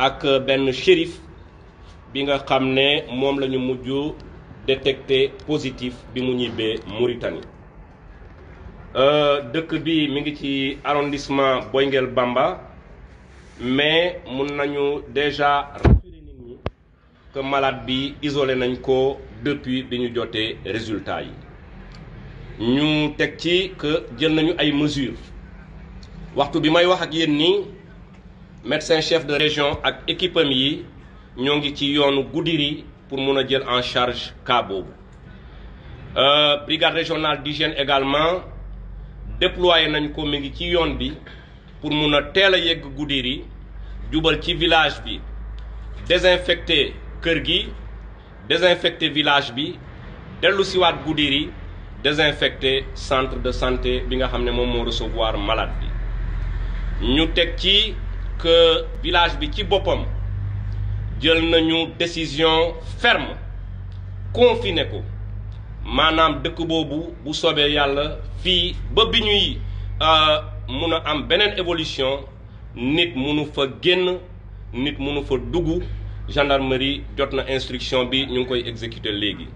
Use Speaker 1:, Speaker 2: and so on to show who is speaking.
Speaker 1: ak benn shérif bi nga xam ne moom lañu ñu mujj détecté positif bi mu ñibbee Mauritanie euh, dëkk bi mu ngi ci arrondissement Boy-Guel Bamba mais mun nañu déjà rassurer nit ñi que malade bi isole nañ ko depuis bi ñu jotee résultat yi ñu teg ci que jël nañu ay mesures waxtu bi may wax ak yéen nii médecin chef de région ak équipe am yi ñoo Goudiri pour mun dire en charge de Euh, brigade régionale d'hygiène également déployé nañ ko mi ci bi pour mun a teel yegg Goudiri jubal ci village bi désinfecter kër désinfecter village bi le siwaat Goudiri désinfecter centre de santé bi nga xam ne moom recevoir malade bi ñu que village bi ci boppam jël nañu décision ferme confiné ko maanaam dëkk boobu bu soobee yàlla fii ba bi ñuy euh, mun a am beneen évolution nit munu fa génn nit munu fa dugg gendarmerie jot na instruction bi ñu ngi koy exécuter léegi